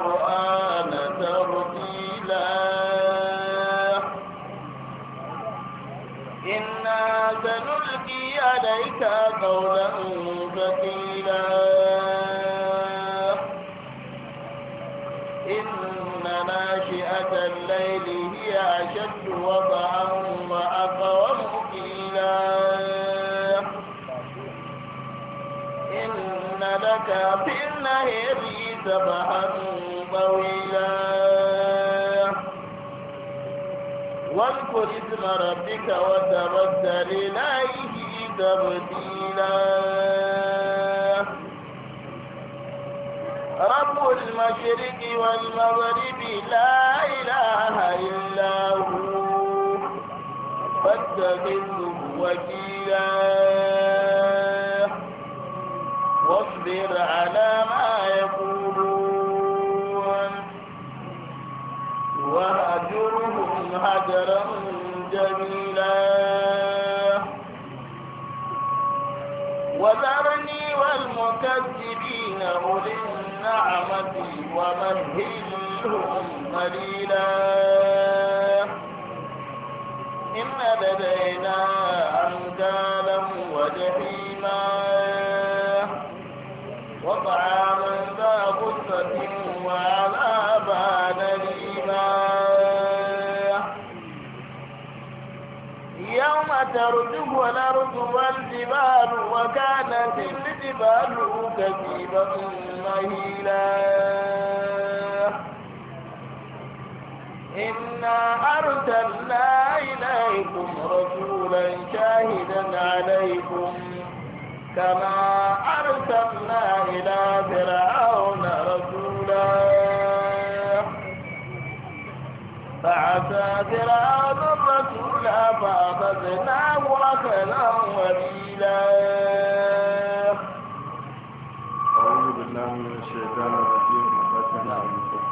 القرآن ترتيلا إنا سنلقي عليك قولا سبحا طويلا واذكر اسم ربك وتبتل إليه تبتيلا رب المشرق والمغرب لا إله إلا هو فاتخذه وكيلا واصبر على ما وهجرهم هجرا جميلا وذرني والمكذبين أولي النعمة ومهلهم قليلا إن لدينا أنكالا وجحيما وطعاما ذا غصة يوم ترجف الأرض والجبال وكانت الجبال كثيبا مهيلا إنا أرسلنا إليكم رسولا شاهدا عليكم كما أرسلنا إلى فرعون فعسى فرعون الرسول فأخذناه أخذا وبيلا أعوذ بالله من الشيطان الرجيم مفتنا عليكم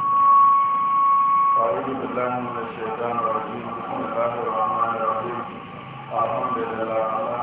أعوذ بالله من الشيطان الرجيم بسم الله الرحمن الرحيم الحمد لله على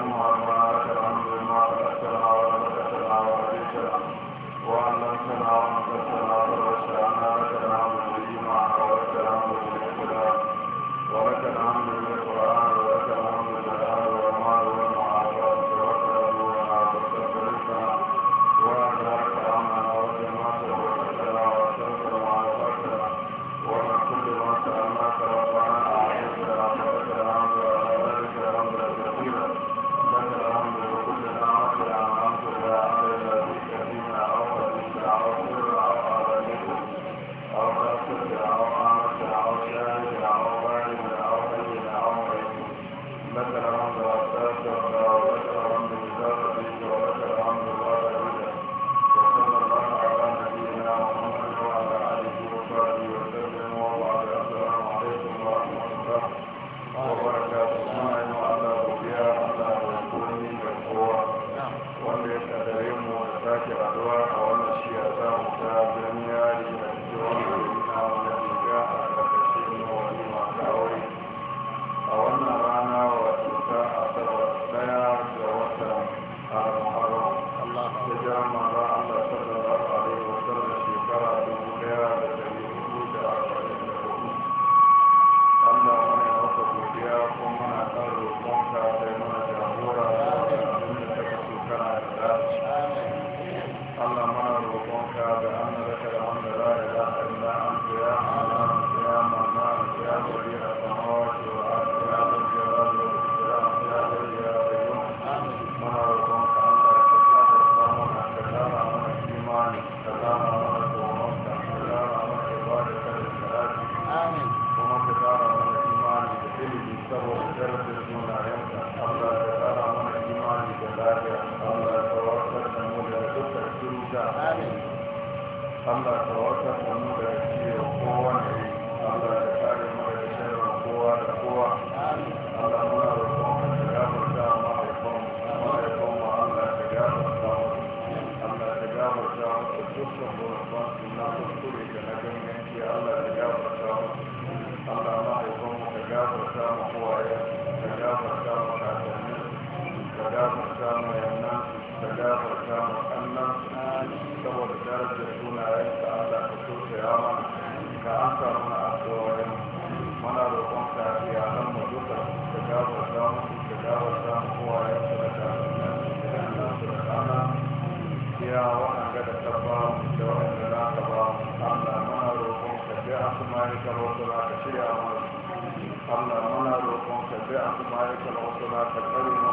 أسمائك الحسنى كالكلمة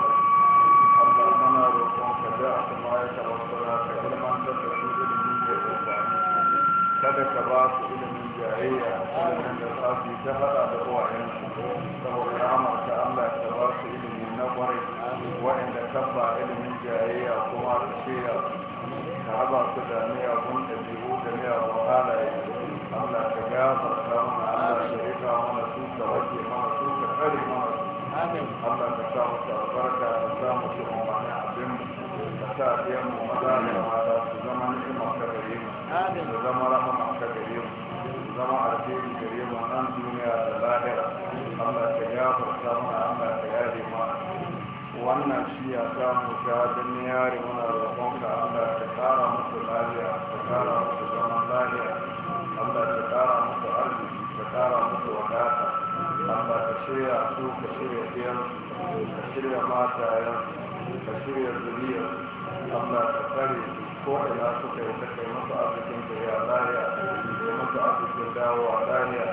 اللهم نروحك بأسمائك الحسنى كلمة تتجوز من يقوم kada ka ba su ilimin jayayya ilimin da za su yi ta hada da ruwayen saboda ramar ta Allah ka ba su ilimin na kwarai wa'inda ka ba ilimin jayayya kuma ka shirya ka haba su da miyagun ɗabi'u da miyagun halaye Allah ka gafarta mana Allah ka rika mana su ka wake mana su ka kare mana Allah ka sa musu albarka ka sa musu umarni abin ka sa biyan mu maza da mata su zama ni'ima ka gare mu su zama rahama ka gare mu su zama alheri gare mu nan duniya da lahira Allah ka gafarta mana Allah ka yaje mana wannan shi ya sa mu ga duniyari muna roƙon ka Allah ka kara musu lafiya ka kara musu zaman lafiya Allah ka kara musu arziki ka kara musu wadata Allah ka shirya su ka shirya biyan ka shirya matayen ka shirya zuriya Allah ka kare ko ina suka yi ta kai masu arzikin ya lahiya da masu arzikin dawowa lahiya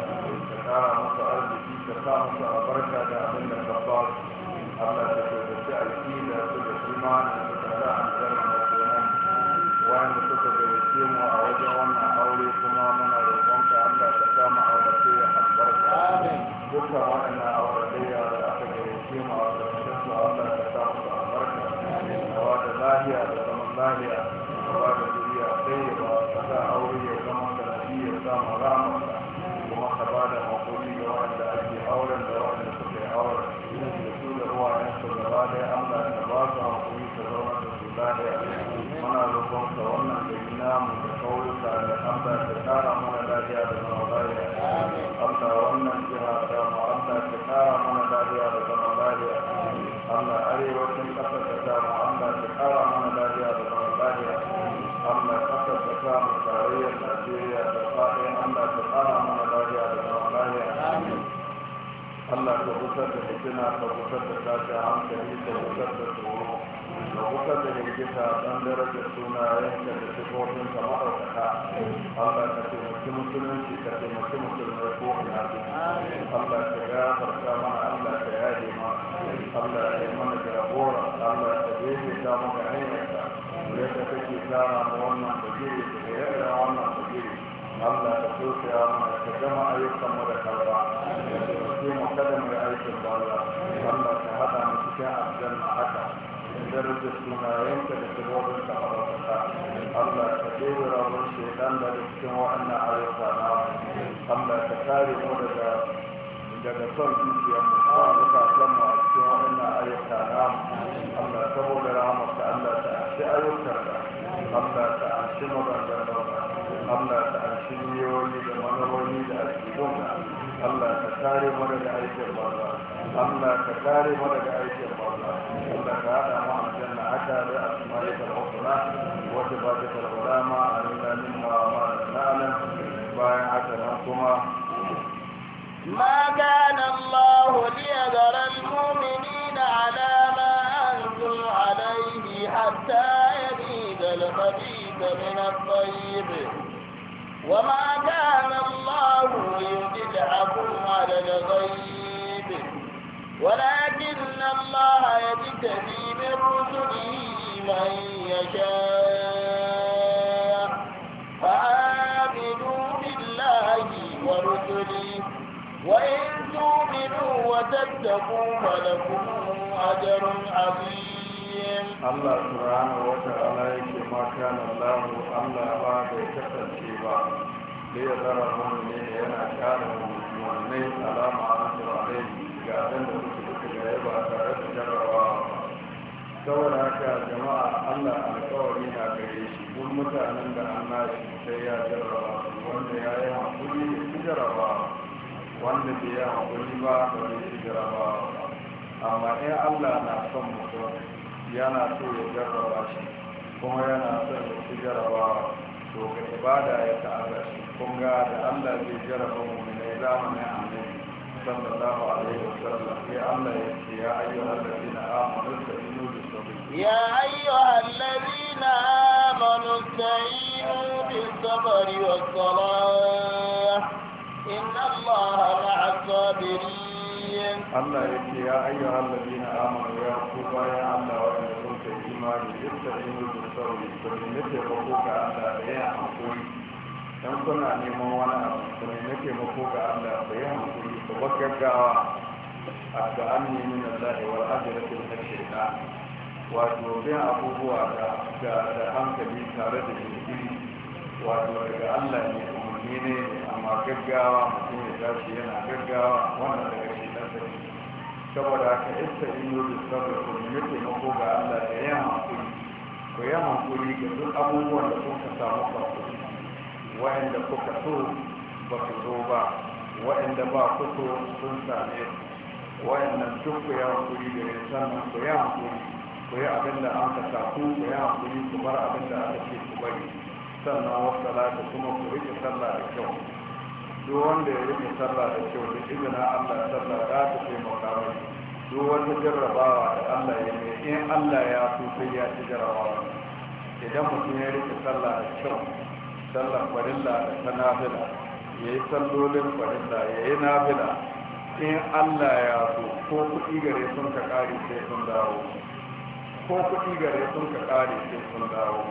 ka kara masu arziki ka sa masu albarka da abin da ka ba su Allah ka kyautace alƙida su da imanin su ka sa aljanna masu wanda suka gayyace mu a wajen wannan dukkan waɗanda a wadanda da aka gayyace mu a ƙarshen su Allah ya sa musu albarka kawa da lahiya da zaman lahiya kawa da zuriya ɗaya ba ka sa aure ya zama sanadi ya samu ramarsa kuma ka ba da haƙuri ga waɗanda ake auren da waɗanda suka yi auren da su da ruwayensu gaba ɗaya Allah ya ba su haƙuri su zama da su lahiya muna roƙonka wannan gari namu da kauyuka da Allah ta lafiya da zama lafiya Allah arewacin ƙasar da samu Allah ta ƙara mana lafiya da zama lafiya Allah ƙasar da samu tarayyar Najeriya da fa'in Allah ta ƙara mana lafiya da zama lafiya Allah ta kusa da fitina ta kusa da tashi hankali ta kusa da tsoro da kuka da rikita don daraja suna yanka da sifofin ka maɗaukaka Allah ka taimaki musulunci ka taimaki musulmai ko ina Allah ka gafarta mana Allah ka yaje mana Allah ka yi mana jagora Allah ka jefe ta maka hanyarka yadda kake tsara ma wannan bajiri da yadda wannan bajiri Allah ka soke ya mana ka gama ayyukan mu da karba ka taimake mu kada mu yi aikin banza Allah ka haɗa mu cikin aljanna haka درد سنايين da التحرقات الله كثير رب الشيطان لكم وأن عليك نار الله كثاري مدد daga son zuciyar mu ba mu ka san mu a cikin waɗannan ayyuka na Allah saboda rahmatka Allah ta ashe ayyukan ka Allah ta ashe maganganun ka Allah ta ashe niyoyi da manufofi da aƙidun Allah ta kare mu daga aikin banza Allah ka kare mu daga aikin إنك على ما أنزلناك بأسمائك الحسنى وصفاتك العلى ما علمنا ما نعلم باين عشركما ما كان الله ليذر المؤمنين على ما أنزل عليه حتى يزيد الخبيث من الطيب وما كان الله ليدلعكم على الغيب ولكن الله يجتبي من رسله من يشاء فآمنوا بالله ورسله وإن تؤمنوا وتتقوا فلكم أجر عظيم Allah subhanahu wa ta'ala yake ma kana Allah Allah ba da kasance ba da ya zara mun ne yana kana mu wannan alama a cikin alayhi ga da kuke duka gare ba tare da jarrabawa saboda haka jama'a allah alkawari na gare shi duk mutanen da ana nashi sai ya jarraba wanda ya yi haƙuri wanda bai yi ba da wani shi amma in allah na son mutum yana so ya jarraba shi kuma yana son ya ci jarrabawa to ga ibada ya ta'aza shi da allah zai jarraba mu ne zamanin annabi صلى الله عليه وسلم في أمر يا أيها الذين آمنوا استعينوا بالصبر يا أيها الذين آمنوا استعينوا بالصبر والصلاة إن الله مع الصابرين الله يا أيها الذين آمنوا يا كوبا يا الله وإن كنت إيماني استعينوا بالصبر فمن يتقوك على أيام don kuna neman wani abu kuma na taimako ga allah ku yi hankali ku ba gaggawa a ga an nemi na zaɗe wa ajiyarfin na shirka wato bin abubuwa da hankali tare da jirgin wato daga allah ne umarni ne amma gaggawa mutum ya tashi yana gaggawa wannan daga shi na sarki saboda haka ita ino da saboda ku nemi taimako ga allah da yan hankali ku yi hankali ga duk abubuwan da kuka samu kwasuri waɗanda kuka so ba ku zo ba waɗanda ba ku so sun same ku waɗannan duk ku yi hankuri da ya sannan ku yi hankuri ku yi abin da an ka saku ku yi hankuri ku bar abin da aka ce ku bari sannan wasu salata kuma ku rike sallah da kyau duk wanda ya rike sallah da kyau da izinin allah sallah za ta taimaka mai duk wata jarrabawa da allah ya mai in allah ya so sai ya ci jarrabawa idan mutum ya rike sallah da kyau sallan farilla da ta nafila ya yi sallolin farilla ya yi nafila in allah ya so ko kuɗi gare sun ka ƙare sai sun dawo ko kuɗi gare sun ka ƙare sai sun dawo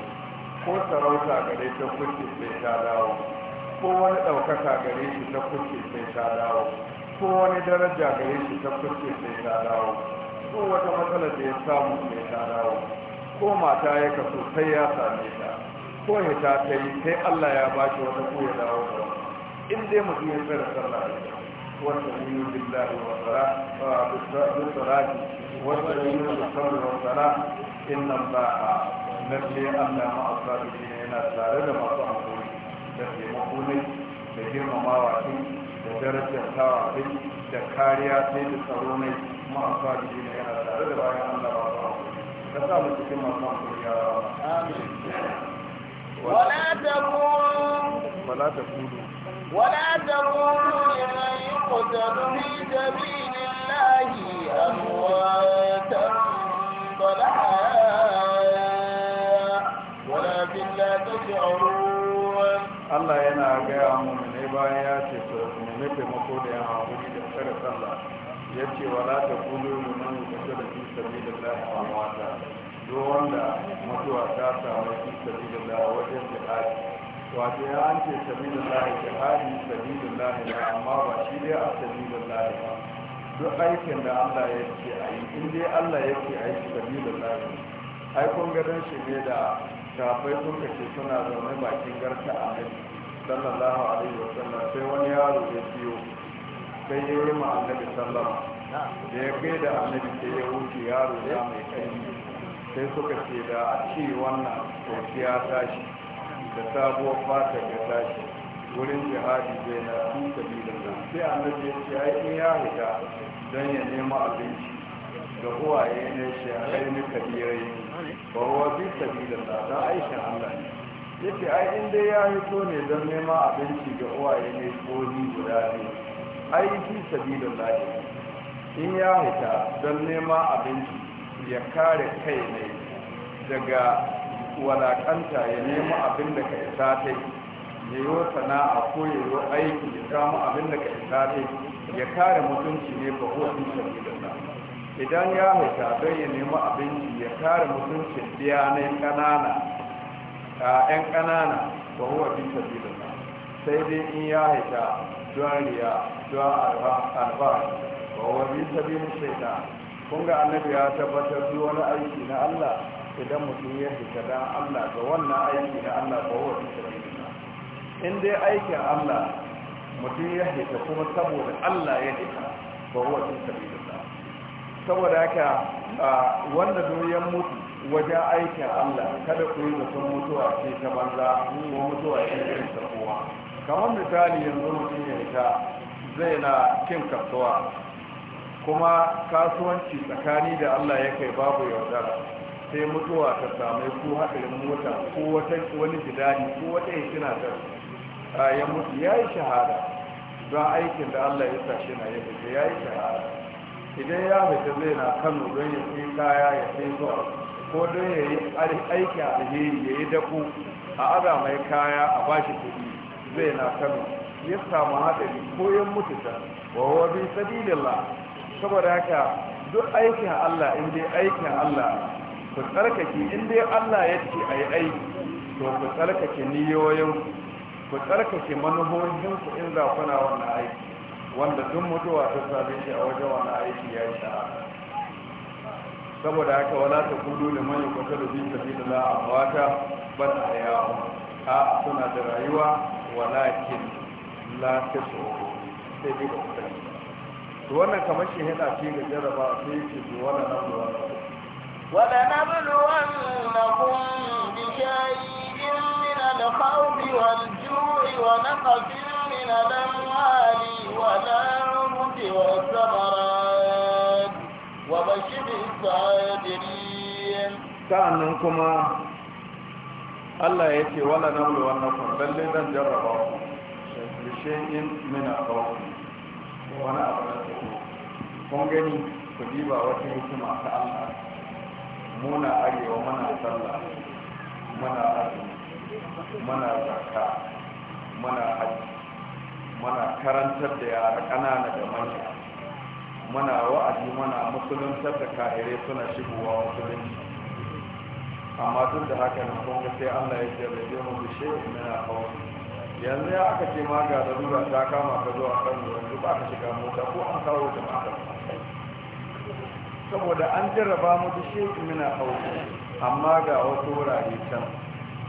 ko sarauta gare ta kuce sai ta dawo ko wani ɗaukaka gare shi ta kuce sai ta dawo ko wani daraja gare shi ta kuce sai ta dawo ko wata matsala da ya samu sai ta dawo ko mata ya kaso sai ya same ta ko hita ta yi sai Allah ya ba shi wata koya da da in dai mutum ya tsara sallah wata yi bin billahi wa tsara bi tsaraki wata yi da sabr in nan ba a lalle Allah ma asabi ne yana tare da masu hankali da taimako ne da girmamawa ne da darajar tawa ne da kariya sai da tsaro ne ma asabi ne yana tare da bayan Allah ba ka sa mu cikin masu hankali ya amin ولا تكونوا ولا تكونوا لمن يقتل في سبيل الله أمواتا بل ولكن لا تشعرون الله yana gaya mu ne bayan ya ce su nemi taimako da yan haƙuri da tsare sallah ya ce kulu mu nan ku da duk wanda mutuwa ta samu fi sabilillah wajen jihadi wato ya an ce sabilillah jihadi sabilillah ne amma ba shi dai a sabilillah ba duk aikin da Allah ya ce a yi in dai Allah ya ce a yi sabilillah ai kun gadon shi ne da kafai sun kace suna zaune bakin garka a nan sallallahu alaihi wa sallam sai wani yaro ya biyo sai ya yi ma annabi sallama da ya kai da annabi sai ya wuce yaro ya mai kai sai suka ce da a ce wannan sauki ya tashi da sabuwar fata ya tashi wurin jihadi zai na su sabilin da sai a annabi ya ce ai in ya hita don ya nema abinci ga uwaye ne shi a kai ni kabirai ba wa bi sabilin da don aishin allah ne ya ce ai in dai ya hito ne don nema abinci ga uwaye ne ko ni guda ne ai bi sabilin da in ya hita don nema abinci ya kare kai ne daga walakanta ya nemo abin da ka isa ta ya yi sana'a ko ya yi aiki ya samu abin da ka isa ta ya kare mutunci ne ba hotun sabidana idan ya haita don ya nemi abinci ya kare mutuncin biya na yan ƙanana ba huwa fi sabidana sai dai in ya haita don riya don alfahari ba huwa fi sabidana kun ga annabi ya tabbatar duk wani aiki na Allah idan mutum ya fita dan Allah ga wannan aiki na Allah ba wa shirka in dai aikin Allah mutum ya fita kuma saboda Allah ya fita ba wa shirka saboda haka wanda duniyar mutu wajen aikin Allah kada ku yi mutum mutuwa ce ta banza ko mutuwa ce ta kowa kamar misali yanzu mutum ya fita zai na kin kasuwa kuma kasuwanci tsakani da Allah ya kai babu yaudara sai mutuwa ta same ko haɗarin mota ko wata wani gidani ko wata suna da ya mutu ya yi shahada don aikin da Allah ya sa shi na yi da ya yi shahada idan ya fita zai na kano don ya kai kaya ya kai zuwa ko don ya yi aiki a alheri ya yi dako a ada mai kaya a bashi kuɗi zai na kano ya samu haɗari ko ya mutu ta wa wabi saboda haka duk aikin Allah in dai aikin Allah ku tsarkake in dai Allah ya ce a yi aiki to ku tsarkake niyoyin ku tsarkake manuhohin ku in za kuna wannan aiki wanda duk mutuwa ta same shi a wajen wannan aiki ya yi sha'a saboda haka wala ta kudu da manyan kwata da bi sabi da a wata ban a yawo a suna da rayuwa walakin la ta tsoro sai dai ba ku وانا كمشي هنا yana ce ga jaraba sai ya ce wannan nan da من الخوف والجوع ونقص من الاموال والانفس والثمرات وبشر الصادرين كان كما الله يأتي ولا انكم بل لن نجربه بشيء من الخوف wani abu na su kun gani ku diba wata hikima ta Allah muna arewa mana sallah mana azumi mana zakka mana hajji mana karantar da yara ƙanana da manya mana wa'azi mana musuluntar da ka'ire suna shigowa musulunci amma duk da haka na kun sai Allah ya ce bai mu bishe ina hawa yanzu ya aka ce ma ga larura ta kama ka zuwa kan yanzu ba ka shiga mota ko an kawo ta ka saboda an jarraba mu da shekin, muna hauka amma ga wasu wurare can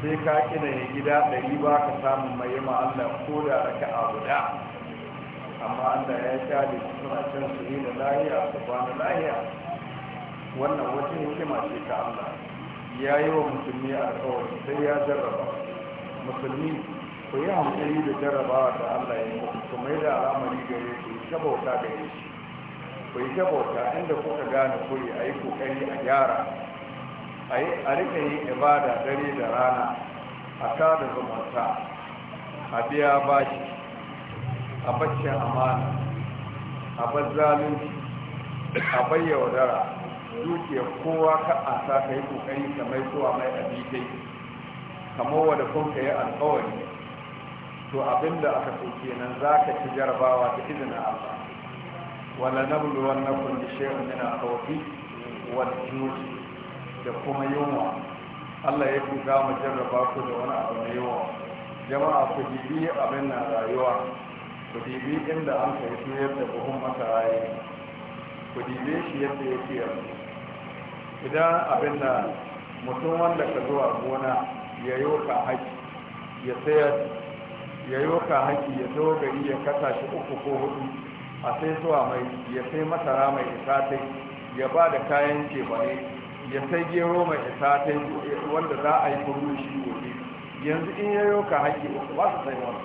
sai ka kina ya gida ɗari ba ka samun mai yama allah ko da aka a guda amma allah ya da su suna can su yi da lahiya su lahiya wannan wata hikima ce ta allah ya yi wa musulmi alkawari sai ya jarraba musulmi ku yi hankali da jarabawa da Allah ya yi ku mai da al'amari gare ku yi bauta gare shi ku yi bauta inda kuka gane yi a yi kokari a gyara a rika yi ibada dare da rana a kada zumunta a biya bashi a baccin amana a bazzalin a bayyawa dara dukiyar kowa ka a sa ka yi kokari ka mai zuwa mai abidai kamar wadda kun ka yi alkawari to abinda aka fi kenan za ka ci jarabawa da izinin Allah wala na wannakum bi shay'in min al-khawfi wani jui da kuma yunwa Allah ya buga mu jarraba ku da wani abu mai yawa jama'a ku bibi abin na rayuwa ku dibi inda an kai su yadda buhun masara ya ku dibe shi yadda ya fiye idan abin da mutum wanda ka zuwa gona ya yi ka haji ya sayar ya yi waka haki ya zo gari ya kasa shi uku ko hudu a sai zuwa mai ya sai masara mai isatai ya ba da kayan cefane ya sai gero mai isatai wanda za a yi kuru shi gobe yanzu in ya yi waka haki uku ba su sai wani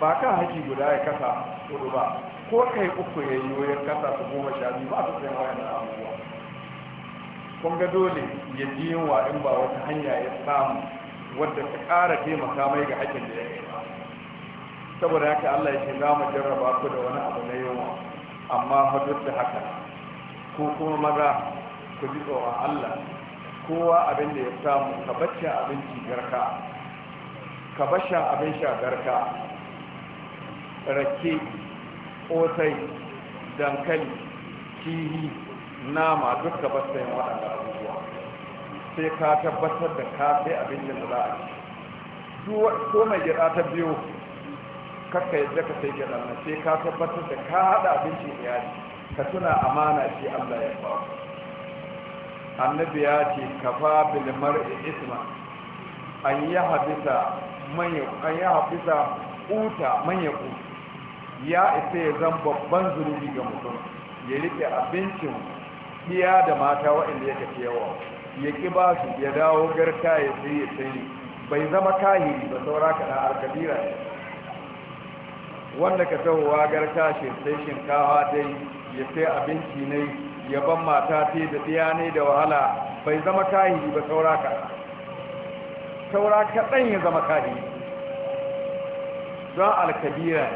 ba ka haki guda ya kasa hudu ba ko kai uku ya yi wayan kasa su goma sha biyu ba su sai wani abubuwa kun ga dole ya ji wa in ba wata hanya ya samu wadda ta ƙara taimaka mai ga hakin da ya yi saboda haka Allah ya ce za mu jarraba ku da wani abu na yau amma fa duk da haka ko kuma maza ku ji tsoron Allah kowa abin da ya samu ka bacci abinci garka ka basha abin sha garka rake ƙosai dankali kihi nama duk ka basta yin waɗanda sai ka tabbatar da ka sai abin da za a ci ko mai gyaɗa ta biyu kakka yadda ka sai gyaɗa na sai ka tabbatar da ka haɗa abincin iyali ka tuna amana shi allah ya ba annabi ya ce ka fa bil mar'i isma an yi habisa man ya an yi habisa uta man ya ku ya isa ya zan babban zunubi ga mutum ya rike abincin iya da mata waɗanda ya tafi yawa ya ƙi ba su ya dawo garka ya sai ya sai bai zama kahiri ba saura ka na alkabira wanda ka tahowa garka shi sai shinkawa dai ya sai abinci ne ya ban mata ce da tsaya ne da wahala bai zama kahiri ba saura ka saura kaɗan ya zama kahiri don alkabira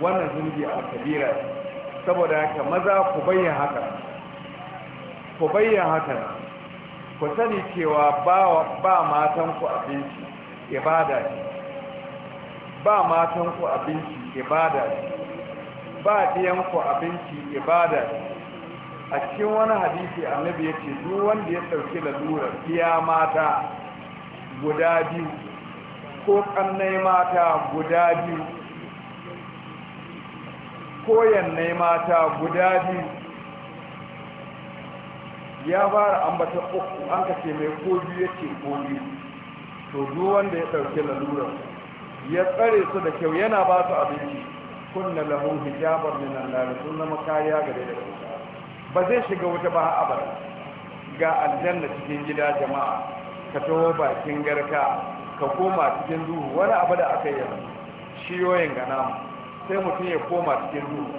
wannan zungi alkabira saboda haka maza ku bayyana haka ku bayyana hakan ku sani cewa ba matanku abinci ibada ce ba matanku abinci ibada ce ba ɗiyanku abinci ibada ce a cikin wani hadisi annabi ya ce duk wanda ya ɗauki lalurar iya mata guda biyu ko ƙannai mata guda biyu ko yannai mata guda biyu ya fara ambata uku an ka ce mai ko biyu ya ce ko biyu to duk wanda ya dauke lalurar ya tsare su da kyau yana ba su abinci kunna lahu hijabar min an-nar sun zama kariya gare da ba zai shiga wuta ba abada ga aljanna cikin gida jama'a ka taho bakin garka ka koma cikin duhu wani abu da aka yi shiyoyin ga namu sai mutum ya koma cikin duhu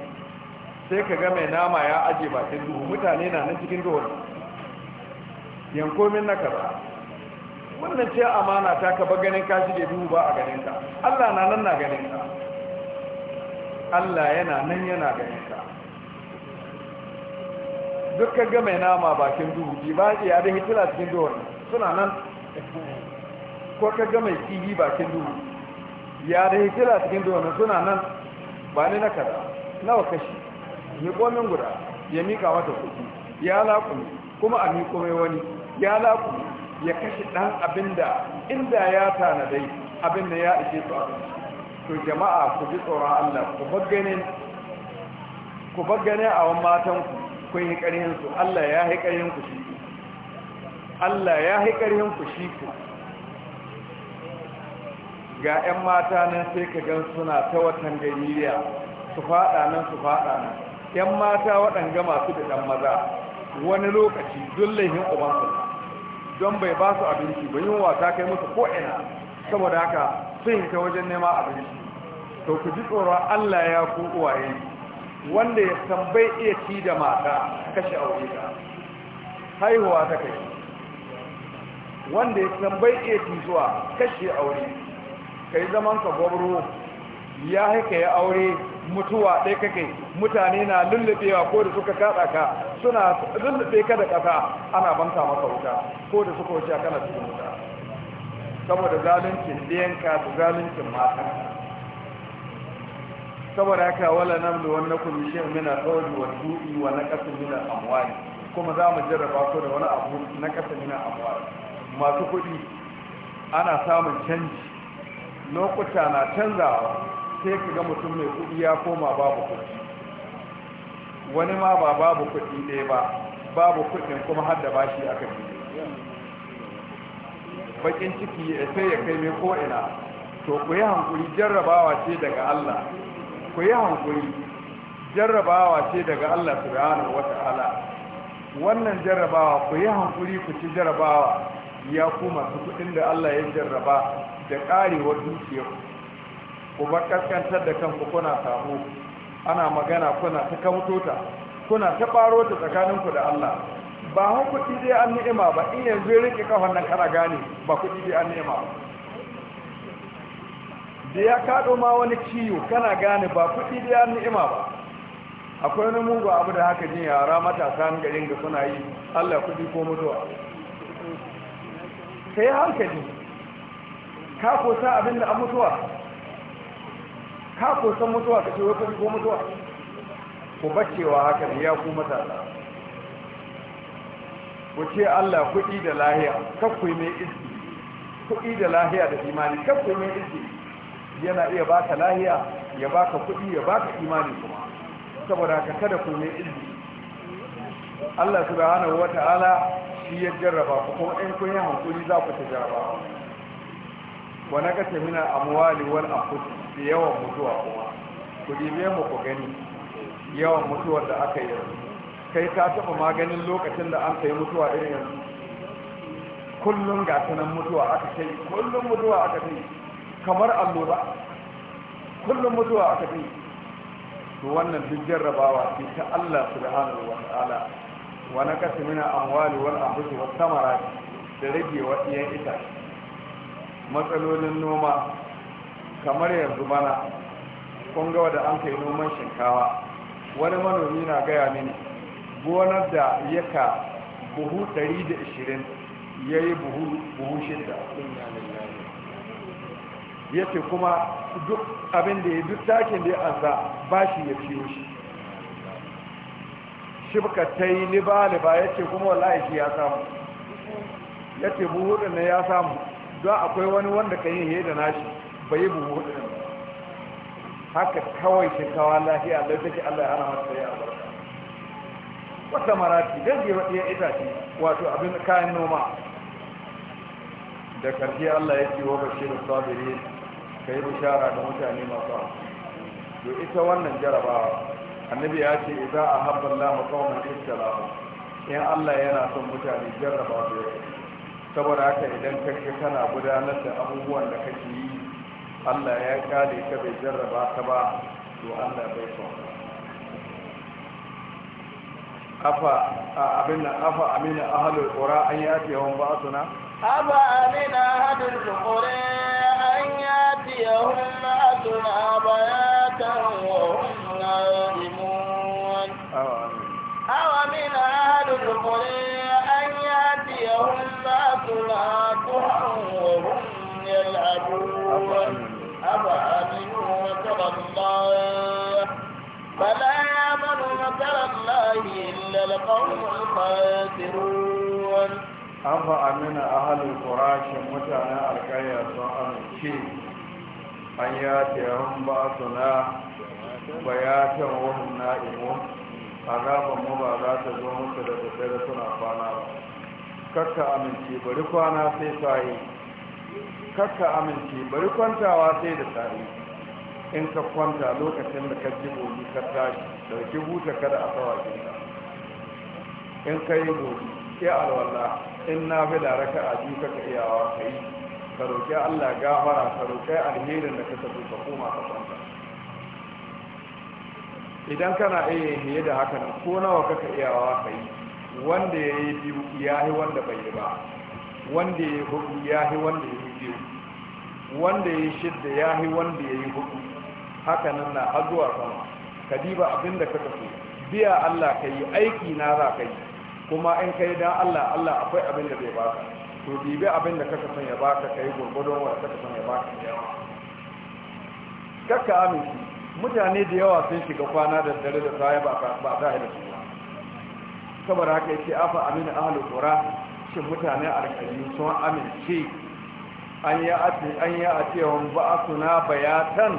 sai ka ga mai nama ya aje bakin duhu mutane na nan cikin duhu yanko min na kaza wannan ce amana ta ka ba ganin ka shige duhu ba a ganin ka Allah na nan na ganin ka Allah yana nan yana ganin ka dukkan ga mai nama bakin duhu ji ba ya da hitila cikin duhun suna nan ko ka ga mai kihi bakin duhu ya da hitila cikin duhun suna nan ba ni na kaza nawa kashi ni komin guda ya mika mata kuɗi ya laƙumi kuma a mi komai wani ya laku ya kashe ɗan abin da inda ya tanadai abin da ya ishe su to jama'a ku ji tsoron Allah ku bagane ku bagganin a wani matan ku kun yi ƙarhin su Allah ya yi ƙarhin ku shi Allah ya yi ƙarhin ku shi ku ga 'yan mata nan sai ka gan suna ta watan gariya su faɗa nan su faɗa nan 'yan mata waɗanga masu da ɗan maza wani lokaci dullahin ubansu don bai ba su abinci ba yunwa ta kai musu ko'ina saboda haka sun ta wajen nema abinci to ku ji tsoron allah ya ku uwaye wanda ya tambayi iya ci da mata kashe aure ta haihuwa ta kai wanda ya tambayi iya ci zuwa kashe aure kai zaman ka gwabro ya haika ya aure mutuwa ɗaya kake mutane na lullubewa ko da suka kaɗa ka suna lullube ka da ƙasa ana banta maka wuta ko da suka wuce kana cikin wuta saboda zaluncin ɗiyanka da zaluncin mata saboda haka wala nan da wani kuma shi mina tsawon wani du'i wa na ƙasa mina amwani kuma za mu jarraba ko da wani abu na ƙasa mina amwani masu kuɗi ana samun canji lokuta na canzawa sai ka ga mutum mai kuɗi ya koma babu kuɗi wani ma ba babu kuɗi ne ba babu kuɗin kuma har da bashi aka fi bakin ciki sai ya kai mai ko'ina to ku yi hankuri jarrabawa ce daga Allah ku yi hankuri jarrabawa ce daga Allah subhanahu wata'ala wannan jarrabawa ku yi hankuri ku ci jarrabawa ya kuma su kuɗin da Allah ya jarraba da ƙarewar dukiyar ku bar kaskantar da kanku kuna samu ana magana kuna ta kamto ta kuna ta baro ta tsakaninku da Allah ba hon kuɗi dai an ni'ima ba in yanzu ya rike kafan nan kana gane ba kuɗi dai an ni'ima ba da ya kaɗo ma wani ciwo kana gane ba kuɗi dai an ni'ima ba akwai wani mugu abu da haka jin yara matasa garin da suna yi Allah kuɗi ko mutuwa kai hankali ka ko sa abin da an mutuwa ka ko san mutuwa ka ce wai ko mutuwa ku bacewa haka ne ya ku matasa ku ce Allah kuɗi da lahiya kakku mai izini kuɗi da lahiya da imani kakku mai izini yana iya baka lahiya ya baka kuɗi ya baka imani kuma saboda ka kada ku mai izini Allah subhanahu wata'ala shi ya jarraba ku kuma in kun yi hankuri za ku ta jarraba wa na kasa mina amwali wal anfus da yawan mutuwa kuma ku dibe mu ku gani yawan mutuwar da aka yi kai ka taba maganin lokacin da an kai mutuwa irin yanzu kullum ga sanan mutuwa aka kai kullum mutuwa aka kai kamar allura kullum mutuwa aka kai to wannan duk jarrabawa ce ta Allah subhanahu wa ta'ala wa naqas min amwali wal anfusi was samarat da rage wa iyan ita matsalolin noma kamar yanzu bana kun ga da an kai noman shinkawa wani manomi na gaya mini gonar da ya ka buhu 120 ya yi buhu shida ya ce kuma duk abin da ya duk takin da ya ansa ba shi ya fiye shi shibka ta yi liba-liba ya ce kuma wallahi shi ya samu ya ce buhu na ya samu don akwai wani wanda ka yi he da nashi bai yi buhu hudu haka kawai shekawa lafiya da take Allah ya hana masa ya wata marati don ke yin itace wato abin kayan noma da karfi Allah ya ciwo wa bashirin sabiri ka yi bishara da mutane masu to ita wannan jarabawa annabi ya ce idza ahabba Allahu qauman ibtalahu in Allah yana son mutane da su saboda haka idan kake kana gudanar da abubuwan da kake yi allah ya kare ka bai jarraba ka ba to allah bai so afa abin afa amina ahlul qura an yati yawan ba'atuna afa amina ahlul qura an yati yawan ba'atuna bayatan wa hum naimun awa amina ahalul qura فلا يعمل مكر الله إلا القوم الخاسرون أفا من أهل القراش متعنا الكي صعب الشيء أن يأتيهم بأسنا بياتا وهم نائمون azaban mu ba za ta zo musu da tafiya da suna kwana ba kakka aminci bari kwana sai sahi kakka aminci bari kwantawa sai da sahi in ka kwanta lokacin da ka ji gobe ka tashi ki buta kada a sawakin ka in ka yi gobe ke alwala in na fi da raka a ji kaka iyawa ka yi ka roƙi allah gafara ka roƙi alherin da ka tafi ka koma ka kwanta idan kana iya yin ne da haka ko nawa kaka iyawa ka yi wanda ya yi biyu ya yi wanda bai yi ba wanda ya yi hudu ya yi wanda ya yi biyu wanda ya yi shidda ya yi wanda ya yi hudu haka nan na har zuwa sama ka diba abin da kaka so biya Allah ka yi aiki na za ka yi kuma in ka yi dan Allah Allah akwai abin da zai baka to dibi abin da kaka son ya baka ka yi gurgurdon wanda kaka son ya baka da yawa kaka aminci mutane da yawa sun shiga kwana da dare da saye ba a sahi da suna saboda haka yake afa amina ahalu qura shi mutane alƙali sun amince an yi a cewa ba a suna bayatan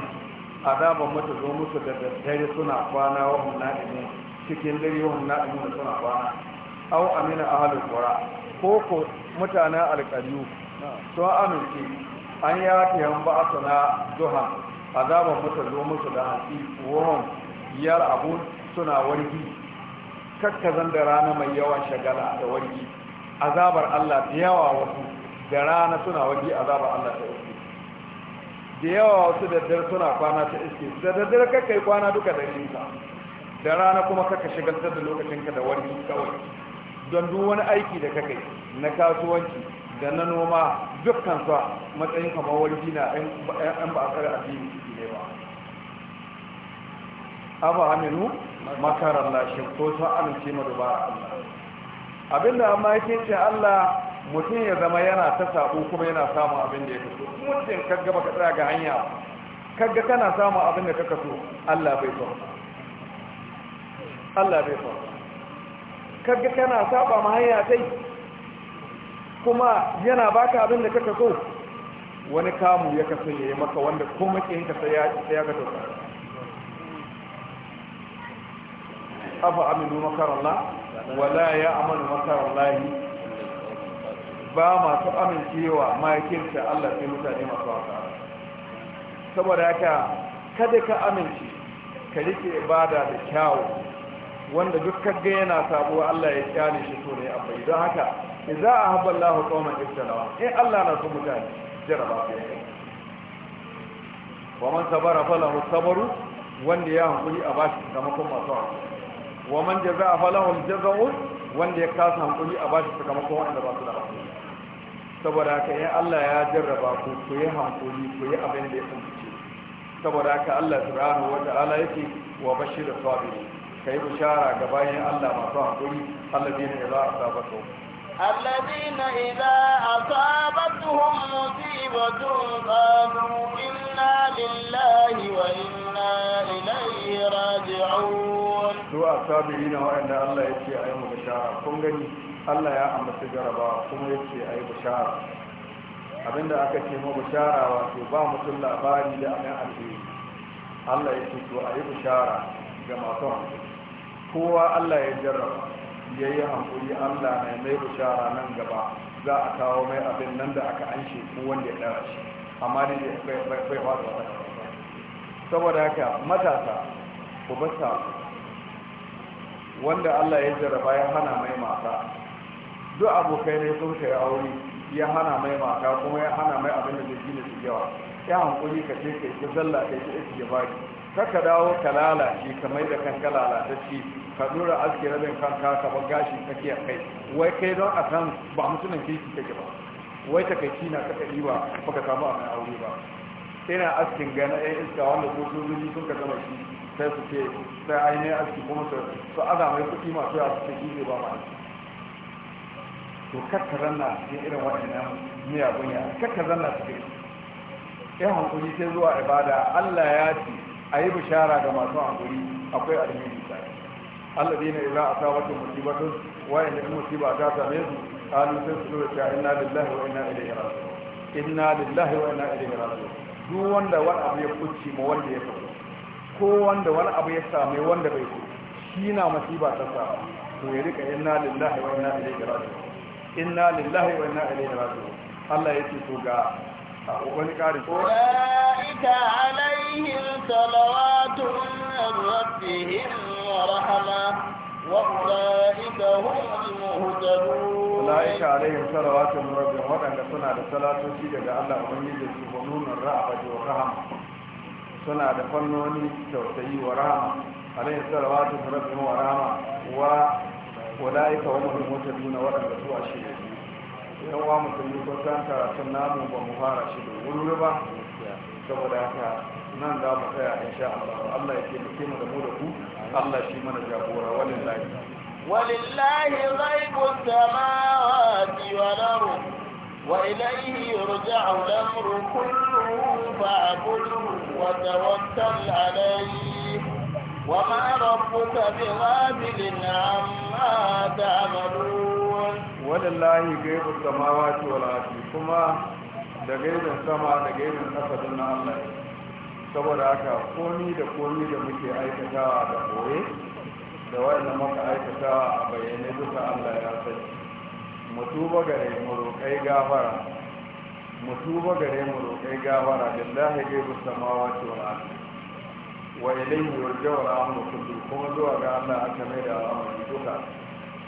azaban mata zo musu da daddare suna kwana wa ne cikin dare wa ne suna kwana au amina ahalul qura ko ko mutanen alƙaryu sun amince an ya ta yan ba sana duha azaban mata zo musu da hasi wurin yar abu suna wargi kakkazan da rana mai yawan shagala da wargi azabar Allah da yawa wasu da rana suna wargi azabar Allah ta da yawa wasu daddare suna kwana ta iske da daddare kakai kwana duka da ninka da rana kuma kaka shigantar da lokacinka da wani kawai don duk wani aiki da kakai na kasuwanci da na noma dukkan sa matsayin kamar wani na ɗan ba a tsara addini ne ba abu aminu makarar lashin ko sun amince ma dubara allah abinda amma yake ce allah mutum ya zama yana ta sabo kuma yana samun abin da ya kaso mutum kaga baka tsaya ga hanya kagga kana samun abin da ka kaso Allah bai so Allah bai so kagga kana saba ma hanya sai kuma yana baka abin da ka kaso wani kamu ya kasa ya yi maka wanda ko ke ka sai ya ga tausa afa aminu makarallah wala ya amanu makarallahi ba masu amincewa makirta Allah sai mutane masu wasa saboda haka kada ka amince ka rike ibada da kyawu wanda duk kaga yana sabuwa Allah ya kyale shi to ne abai don haka idza ahabba Allahu qauman ibtalawa in Allah na so mutane jaraba su yi wa man sabara falahu sabaru wanda ya hankuri a bashi sakamakon masu hankuri wa man jaza'a falahu al wanda ya kasa hankuri a bashi sakamakon wanda ba su da hankuri saboda haka in Allah ya jarraba ku ku yi hankali ku yi abin da ya tsanci saboda haka Allah subhanahu wa ta'ala yake wa bashir sabiri kai bishara ga bayan Allah masu hankali alladina idza asabatu alladina idza asabatuhum musibatun qalu inna lillahi wa inna ilaihi raji'un to asabirina wa inda Allah yake ayi mu bishara kun gani Allah ya ambaci jaraba kuma ya ce a yi bishara abinda aka ce ma bishara wato ba mutum labari da abin alheri Allah ya ce to a yi bishara ga masu hankali kowa Allah ya jarraba ya yi hankali Allah na mai bishara nan gaba za a kawo mai abin nan da aka anshe ko wanda ya dara shi amma ne bai faɗi wata saboda haka matasa ku basa wanda Allah ya jarraba ya hana mai mata duk abokai ne sun kai aure ya hana mai mata kuma ya hana mai abin da zai gina su yawa ya hankuli ka ce kai ta zalla kai ita ita ya baki ka dawo ka lalace ka mai da kanka lalatacce ka dora aski rabin kanka ka bar gashi ke kai wai kai don a san ba mutumin kirki kake ba wai ta kai na ka kadi ba baka samu abin aure ba sai na askin gana ɗaya iska wanda ko sojoji sun ka gama shi sai su ce sai ainihin aski kuma su aza mai kuɗi masu yawa su ce ba ma aski to kakka zanna ya irin waɗannan miyagun yara kakka zanna su ke ya hankuri sai zuwa ibada allah ya ce a yi bishara ga masu hankuri akwai alheri ta. allah dina ila a sa wata musibatun wayan da musiba ta same su kalu sai su lura cewa inna lillahi wa inna ilaihi raji'un inna lillahi wa inna ilaihi raji'un duk wanda wani abu ya kucci ma wanda ya kucci ko wanda wani abu ya same wanda bai kucci shi na musiba ta sa to ya rika inna lillahi wa inna ilaihi raji'un inna lillahi wa inna ilaihi raji'un Allah yake to ga wani ƙari ko ulaika alaihim salawatun min rabbihim wa rahma wa ulaika humul muhtadun ulaika alaihim salawatun min rabbihim wadanda suna da salatoci daga Allah ubangiji su wa nunun ra'abati wa rahma suna da fannoni tausayi wa rahma alaihim salawatun min rabbihim wa rahma wa wada'ika wani hulmota duna waɗanda zuwa shi ne yan wa musulmi ko san karatun namu ba mu fara shi da wuri ba saboda haka nan za mu tsaya in sha Allah Allah ya taimake mu da mu da ku Allah shi mana walillahi وما ربك بغافل عما تعملون ولله غيب السماوات والارض كما da gaibin sama da gaibin ƙasa don na Allah saboda haka komi da komi da muke aikatawa da koye da wanda muka aikatawa a bayyane duka Allah ya sani mu tuba gare mu roƙai gafara mu tuba gare mu roƙai gafara gaibin wa ilayhi yurja'u al-amru kullu kuma zuwa ga Allah aka mai da al'amari duka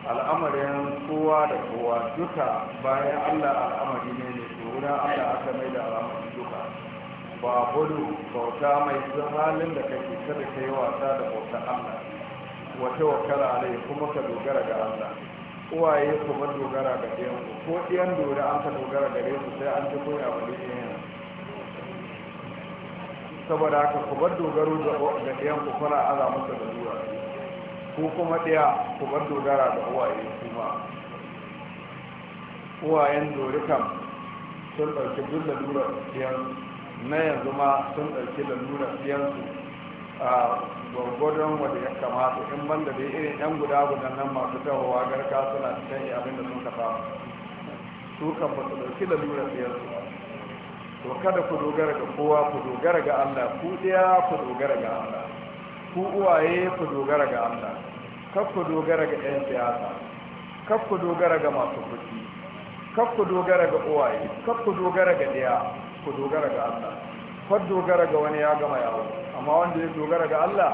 al'amarin kowa da kowa duka bayan Allah al'amari ne ne to wurin Allah aka mai da al'amari duka ba gudu bauta mai halin da kake kada ka yi wasa da bautar Allah wa a alai kuma ka dogara ga Allah uwaye su ba dogara ga ɗiyan ko ɗiyan dore an ka dogara gare su sai an ji koya wani ɗiyan saboda haka ku bar dogaro ga ɗayan ku kuna aza masa da zuwa ko kuma ɗaya ku bar dogara da uwaye kuma uwayen dorikan sun ɗauki duk lalurar ɗayan na yanzu ma sun ɗauki ɗayan su a gwagwadon wanda ya kamata in banda da irin yan guda guda nan masu tawawa garka suna cikin abin da sun kafa su kan ba su ɗauki ɗayan su ba to kada ku dogara ga kowa ku dogara ga Allah ku daya ku dogara ga Allah ku uwaye ku dogara ga Allah kar ku dogara ga 'yan siyasa kar ku dogara ga masu kuɗi kar ku dogara ga uwaye kar ku dogara ga daya ku dogara ga Allah kar dogara ga wani ya gama yawo amma wanda ya dogara ga Allah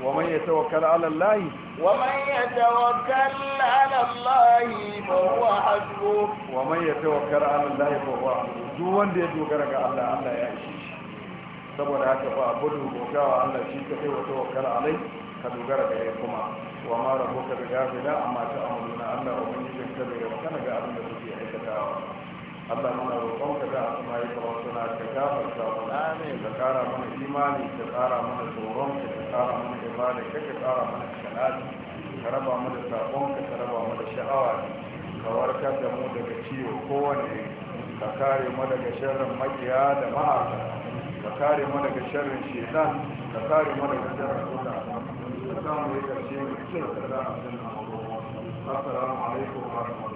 ومن يتوكل على الله ومن يتوكل على الله فهو حسبه ومن يتوكل على الله فهو حسبه duk wanda ya dogara ga Allah Allah ya ishe saboda haka fa abudu gogawa Allah shi ka kai wa tawakkal alai ka dogara ga yayi kuma wa ma rabbuka bi ghafila amma ta'maluna Allah wa man yashkuru wa kana ga abin da kuke aikatawa Allah roƙon ka da kuma yi kamar suna ka gafarta wa ne ka ƙara mana imani ka ƙara mana tsoron ka ka ƙara mana ibada ka ka ƙara mana shalati ka raba mana sabon ka ka raba mana sha'awa ka warkar da mu daga ciwo kowane ka kare mu daga sharrin makiya da ma'aka ka kare mu daga sharrin shedan ka kare mu daga sharrin kuta ka samu yi karshe mu kyau ka za a sinna Assalamu alaikum wa rahmatullahi